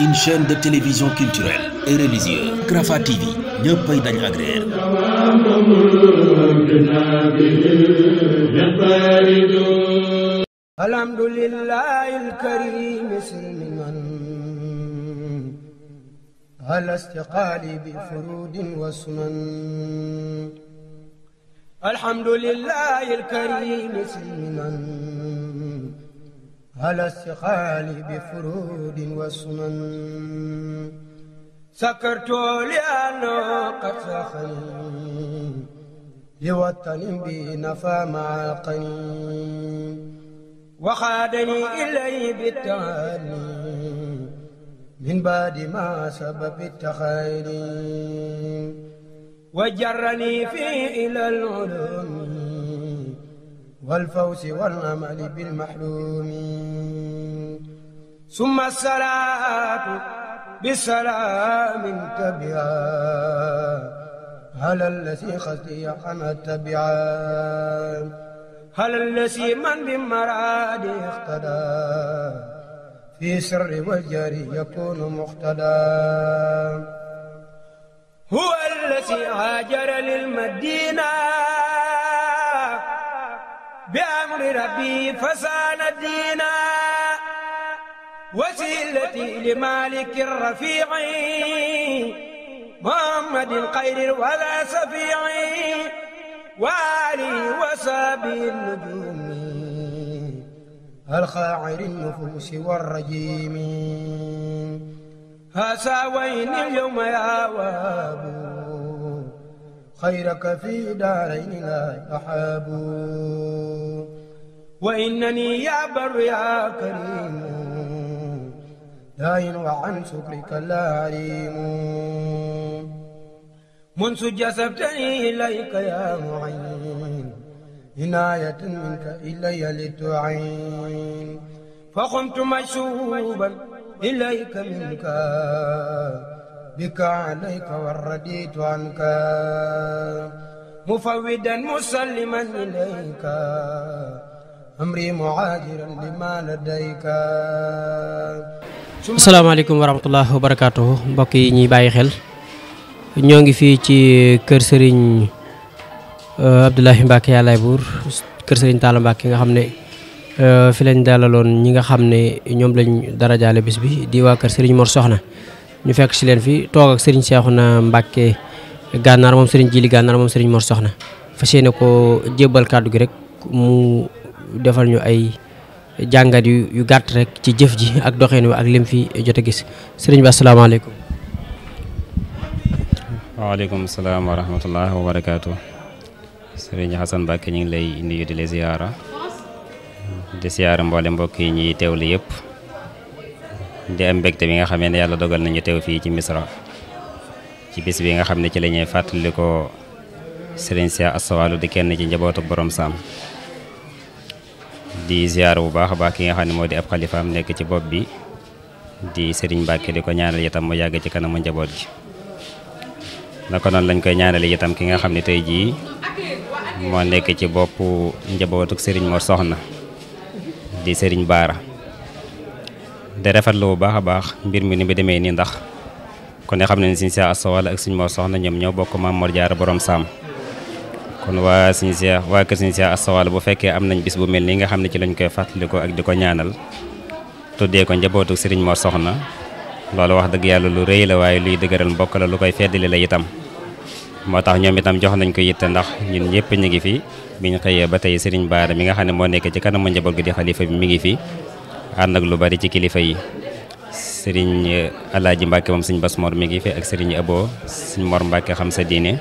une chaîne de télévision culturelle et religieuse Rafah TV ñëppay dañ agréer alhamdulillahi alkarim silman ala istiqali bi furudin wasman alhamdulillahi alkarim silman على استقال بفرود وسمن سكرت لأنه قد سخن لوطن بنفى مع القنين وخادني إليه بالتهاني من بعد ما سبب التخيل وجرني فيه إلى العلوم والفوز والعمل بالمحلوم ثم الصلاة بسلام تبعا على الذي خطي عن تبعا على الذي من بمراد اقتدى في سر والجري يكون مقتدى هو الذي هاجر للمدينه بأمر ربي فسان دينا وسيلتي لمالك الرفيع محمد الخير ولا سفيع وآله وصحبه النجوم الخاعر النفوس والرجيم هساوين اليوم يا وابو خيرك في دارين لا أحاب وإنني يا بر يا كريم داين وعن شكرك لا أريم منذ جسبتني إليك يا معين عناية منك إلي لتعين فقمت مشوبا إليك منك بك عليك والرديت mbokk yi ñuy bàyyi xel ñoo ngi fii ci kër sëriñ Abdoulahi Mbacke yàllaay buur kër sëriñ Talla Mbacke nga xam ne fi lañ dalaloon ñi nga xam ne ñoom lañ darajaale bis bi di waa kër sëriñ Mor Soxna ñu fekk si leen fi toog ak Serigne na Mbacke gànnaar moom sëriñ Jili gànnaar moom Serigne Mor Soxna fas yéene ko jébbal kàddu gi rek mu defal ñu ay jàngat yu yu gàtt rek ci jëf ji ak doxeen wi ak lim fi jot a gis sëriñ bi asalaamaaleykum. waaleykum salaam wa rahmatullah wa barakaatu. Serigne Xasan Mbacke ñu ngi lay nuyu di la ziyaara di ziyaara mboole mbokk yi ñuy teewlu yëpp. di am mbégte bi nga xamee ne yàlla dogal nañu teew fii ci Misra ci bis bi nga xam ne ci lañuy ñuy fàttali ko Serigne Cheikh Asta Walo di kenn ci njabootu borom saam di ziar bu baax a baax ki nga xam ne moo di ab xalifaam nekk ci bopp bi di sëriñ Mbacke di ko ñaanal itam mu yàgg ci kanamu njaboot gi naka noonu lañ koy ñaanale ki nga xam ne tey jii moo nekk ci boppu njabootuk Serigne Mor Soxna di Serigne Baara. de la bu baax a baax mbir mi ni mu demee nii ndax kon ne xam nañ suñu Seex Asta Walo ak suñu Mor Soxna ñoom ñoo bokk Maam Mor Jaara borom saam kon waa suñu Seex waa kër suñu Seex Asta bu fekkee am nañ bis bu mel nii nga xam ne ci lañ koy fàttalikoo ak di ko ñaanal tuddee ko njabootu Serigne Mor Soxna loolu wax dëgg yàlla lu rëy la waaye luy dëgëral mbokk la lu koy feddali la itam moo tax ñoom itam jox nañ ko yitte ndax ñun ñëpp ñu ngi fi biñ xëyee ba tey Serigne Baara mi nga xam ne moo nekk ci kanamu njaboot gi di xalifa mi ngi fi ànd ak lu bari ci kilifa yi sëriñ eh, Alaaji Mbàkke moom sëñ Bas Mor mi ngi fi ak sëriñ Abo suñu moor Mbàkke xam sa diine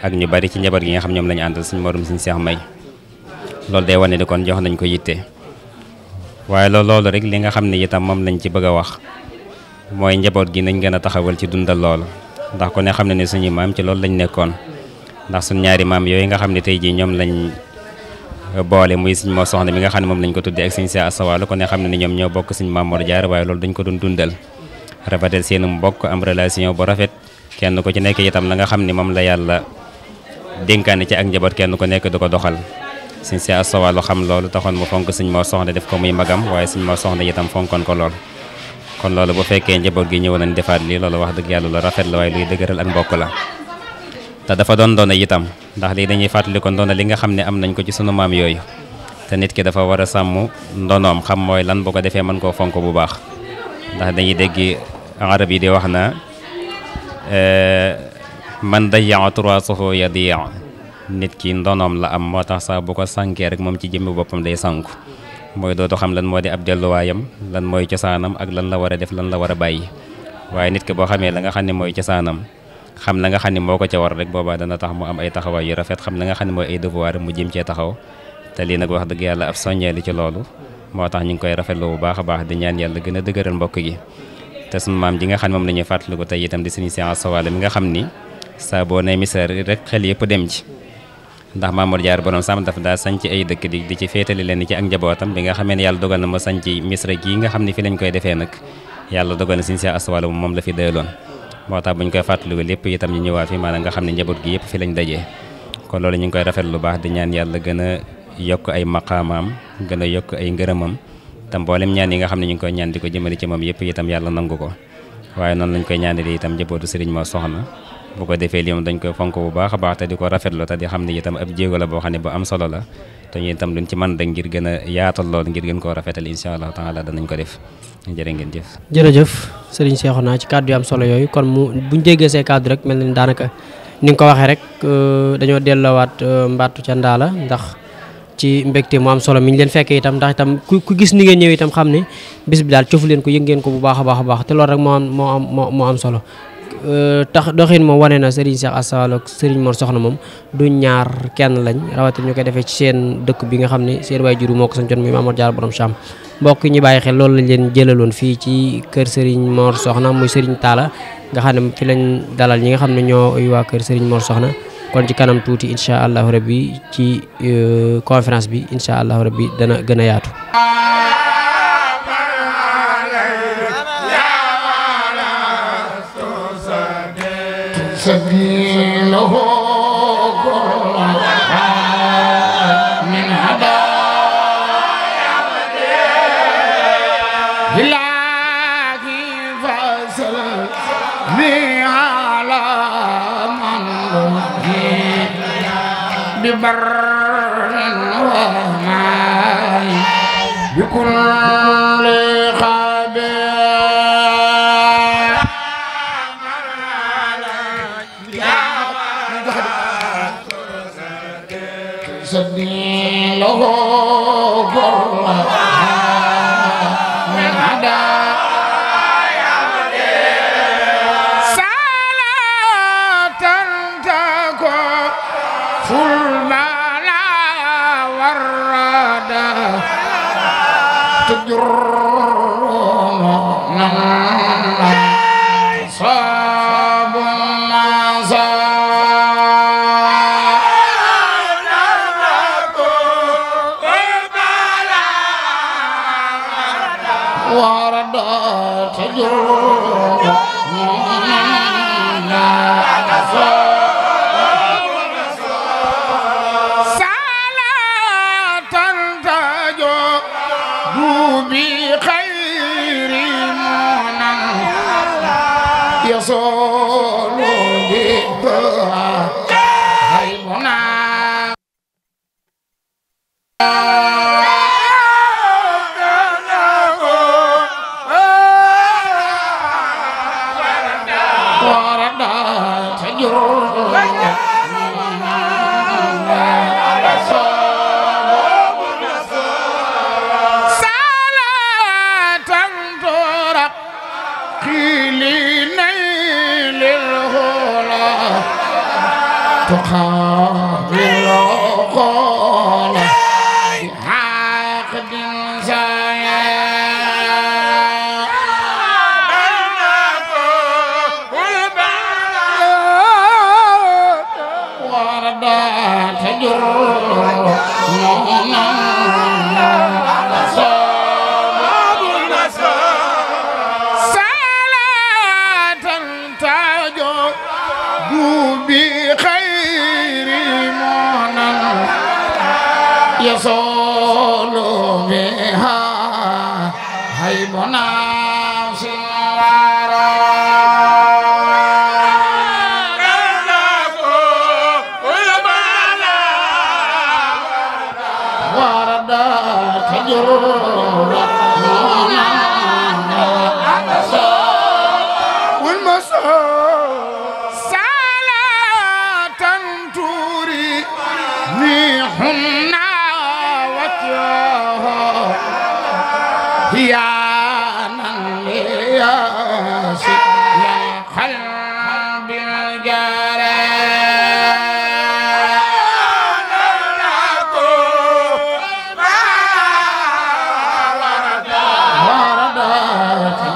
ak ñu bari ci njaboot gi nga xam ñoom lañu àndal sëñ Morum sëñ Seex May loolu day wane ni kon jox nañ ko yitte waaye loolu loolu rek li nga xam ne itam moom lañ ci bëgg a wax mooy njaboot gi nañ gën a taxawal ci dundal loolu ndax ku ne xam ne ne suñuy maam ci loolu lañ nekkoon ndax suñ ñaari maam yooyu nga xam ne tey jii ñoom lañ boole muy sëñ moo soxna mi nga xam ne moom lañ ko tuddee ak sëñ Cheikh Asta Walo ko ne xam ne ni ñoom ñoo bokk sëñ Mame Mor waaye loolu dañ ko dundal rafetal seen mbokk am relation bu rafet kenn ku ci nekk itam la nga xam ne moom la yàlla dénkaane ci ak njaboot kenn ku nekk du ko doxal sëñ Cheikh Asta Walo xam loolu taxoon mu fonk sëñ moo soxna def ko muy magam waaye sëñ moo soxna itam fonkoon ko lool kon loolu bu fekkee njaboot gi ñëw nañ defaat lii loolu wax dëgg yàlla lu rafet la waaye luy dëgëral ak mbokk la te dafa doon doon itam ndax lii dañuy fàttali ko ndono li nga xam ne am nañ ko ci sunu maam yooyu te nit ki dafa war a sàmm ndonoom xam mooy lan bu ko defee man koo fonk bu baax ndax dañuy dégg arab yi di wax na euh, man day dayyaa troisoho ya diyaa nit ki ndonoom la am moo tax saa bu ko sànkee rek moom ci jëmmi boppam day sànku mooy dootu xam lan moo di ab delluwaayam lan mooy cosaanam ak lan la war a def lan la war a bàyyi waaye nit ki boo xamee la nga xam ne mooy cosaanam xam na nga xam ne moo ko ca war rek boobaa dana tax mu am ay taxawaay yu rafet xam na nga xam ne mooy ay devoir mu jëm cee taxaw te lii nag wax dëgg yàlla ab soññeeli ci loolu moo tax ñu ngi koy rafetlu bu baax a baax di ñaan yàlla gën a dëgëral mbokk gi te sunu maam ji nga xam ne moom la ñuy fàttaliku tey itam di suñu séance sowale mi nga xam ni saa boo ne misère rek xel yëpp dem ci ndax Mamour jaar borom sam dafa daa sañc ay dëkk di di ci féetali leen ci ak njabootam bi nga xamee ne yàlla dogal na ma sañc misra nga xam ne fi lañ koy defee nag yàlla dogal na suñu séance sowale moom la fi delloo moo tax bu ñu koy fàttaliku lépp itam ñu ñëwaat fi maanaam nga xam ne njaboot gi yëpp fi lañ dajee ko loolu ñu ngi koy rafet lu baax di ñaan yàlla gën a yokk ay maqaamaam gën a yokk ay ngërëmam tam mboolem ñaan yi nga xam ne ñu ngi koy ñaan di ko jëmale ci moom yëpp itam yàlla nangu ko waaye noonu lañ koy ñaanale itam njabootu sëriñ moo soxna bu ko defee lii moom dañ koy fonk bu baax a baax te di ko rafetlu te di xam ne itam ab jéego la boo xam ne bu am solo la te ñu itam luñ ci mën gën a yaatal lool ngir gën koo rafetal incha allah taala danañ ko def jërë ngeen jëf. jërëjëf sëriñ Cheikhouna ci kàddu am solo yooyu kon mu buñ déggee see kàddu rek mel na ni daanaka ni nga ko waxee rek euh, dañoo delloowaat euh, mbattu ca la ndax. ci mbégte mu am solo mi ñu leen fekkee itam ndax itam ku gis ni ngeen ñëw itam xam ne bis bi daal cofu leen ko yëg ngeen ko bu baax a baax a baax te loolu rek moo am moo am moo am solo Euh, tax doxin moom wane na Serigne Cheikh Asta sëriñ ak Serigne Soxna moom du ñaar kenn lañ rawatina ñu koy defee ci seen dëkk bi nga xam ne seen waay juru moo ko sancoon muy Mamour Diarra borom Cham mbokk bàyyi xel loolu lañ leen jëlaloon fii ci kër Serigne Mor Soxna muy Serigne Talla nga xam ne fi lañ dalal ñi nga xam ne ñoo uy waa kër Serigne Mor Soxna kon ci kanam tuuti incha allahu rabbi ci euh, conférence bi incha allahu rabbi dana gën a yaatu سبيله من هدايا إلهي فسلني على من لقي ببر وماي بكل سبيله غرا toqa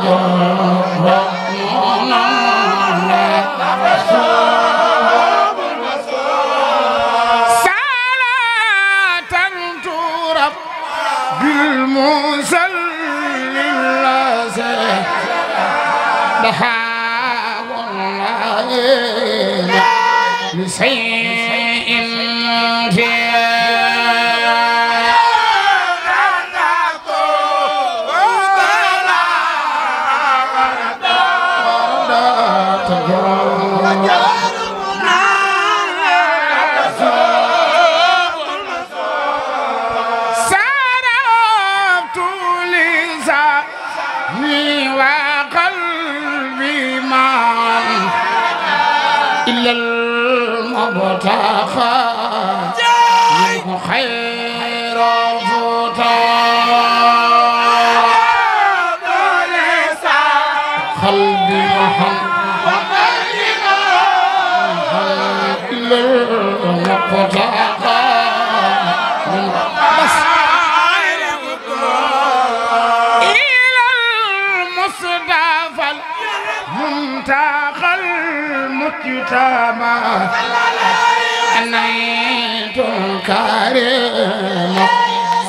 الله ذهني وقلبي معا إلا المبتخى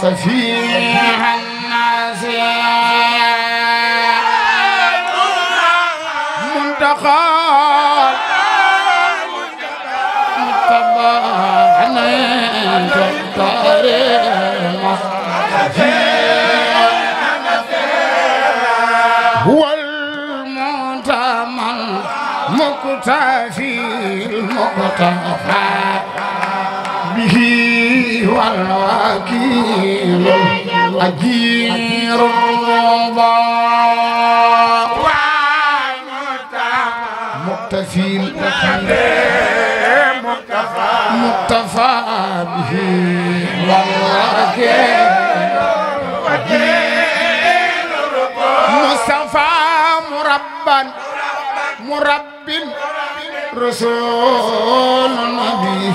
سفيها الناس منتقى هو المعتمر مقتفي المقتفى حكيم أجير الرضا مقتفي مقتفى به والرجاء مصطفى مربا مرب رسول النبي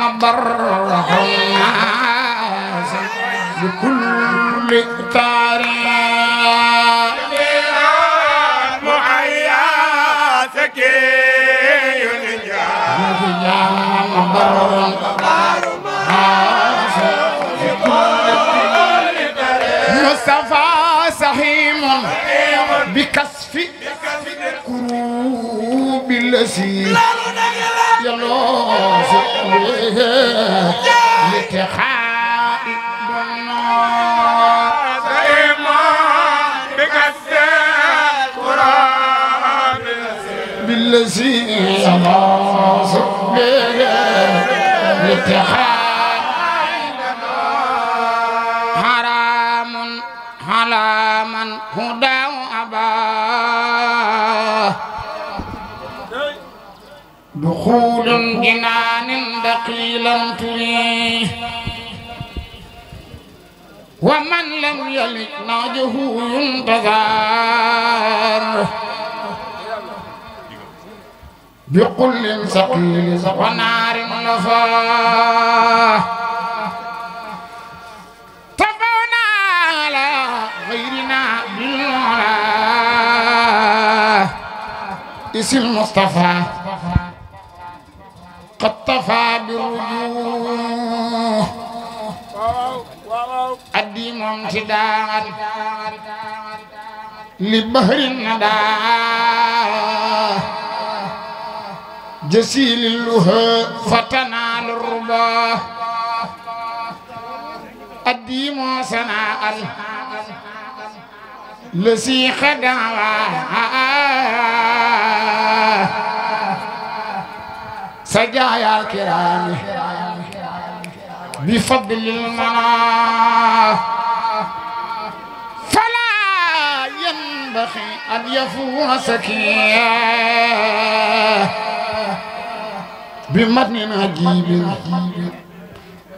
مبرح الناس بكل الذي يلوز لتحا الذي يماس به الاتحاد حرام على من هدى أباه دخول جنان دقيلا تريه ومن لم يلد ناجه ينتظر بكل ثقيل ونار نفاه تبونا على غيرنا بالعلا اسم المصطفى قد طفى بالوجوه أديم امتداء لبهر النداء جسيل اللها فتنال الربا الديم سناء لسي خدعا سجايا الكرام بفضل المنى فلا ينبغي أن يفوه سكيا بمتن عجيب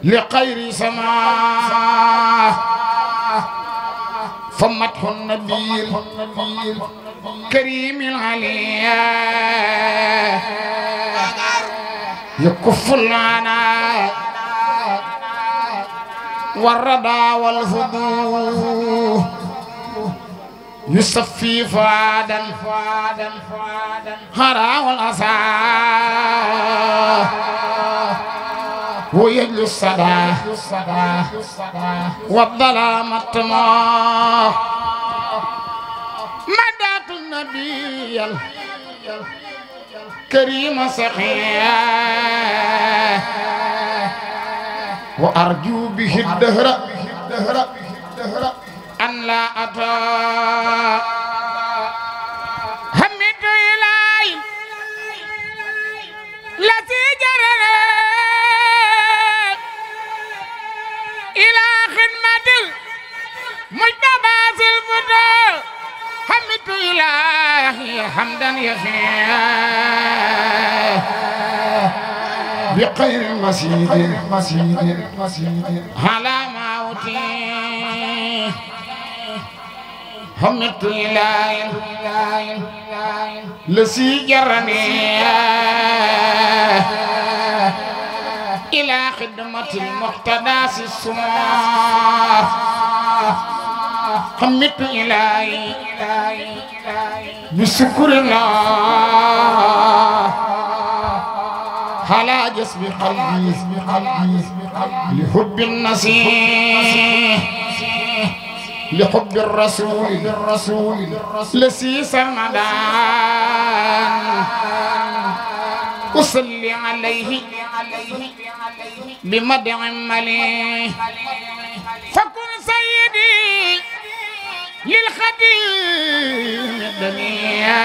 لخير سماء فمدح النبي كريم العلي يكف العناء والردى والهدوء يصفي فؤادا فؤادا فؤادا هرى والأسى ويدل الصدى والظلام الطمع مدات النبي الكريم سخيا وأرجو به الدهر الدهر أتى إلهي حمدا يفيه بخير المسيد على ما أوتي حمدت إلهي لسي جرني إلى خدمة المقتدى السماء حمدت إلهي بشكر الله على جسم قلبي لحب النصيح لحب الرسول الرسول لسي سمدان أصلي عليه بمدع مليه فكن سيدي للخديم الدنيا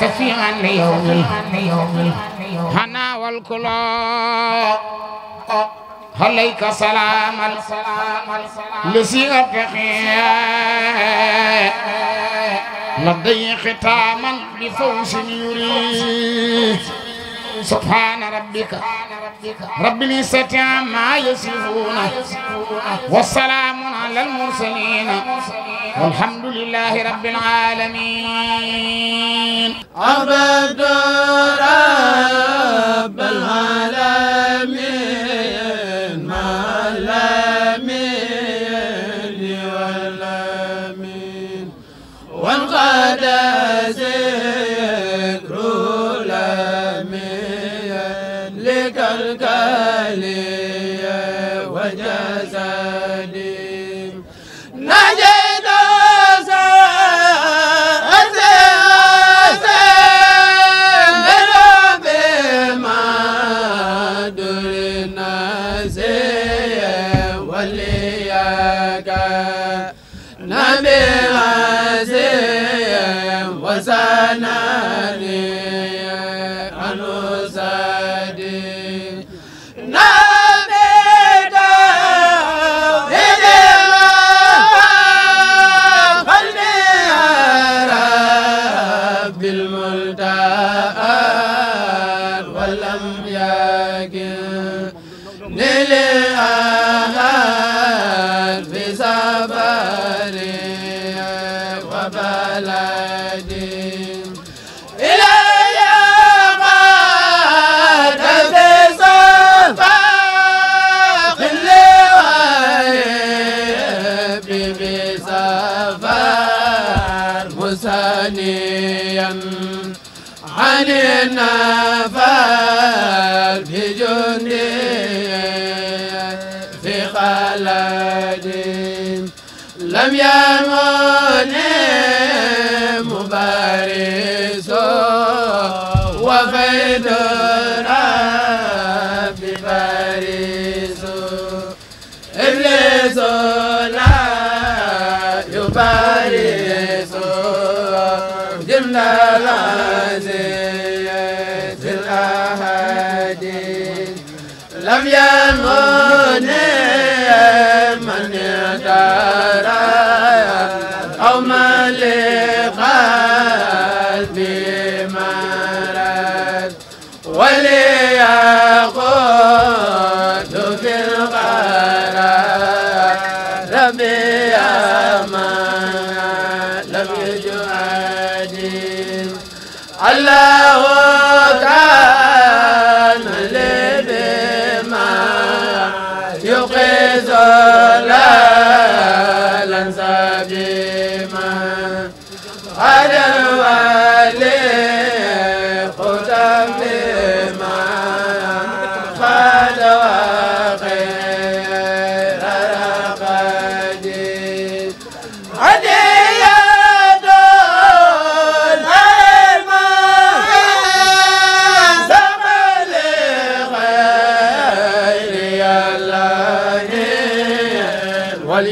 سفيعا ليومي هنا والكلا عليك سلاما لسي أرتقي لدي ختاما بفوز يري سبحان ربك رب العزة عما يصفون والسلام على المرسلين والحمد لله رب العالمين عبد رب العالمين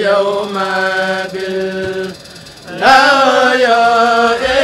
اليوم بالرايات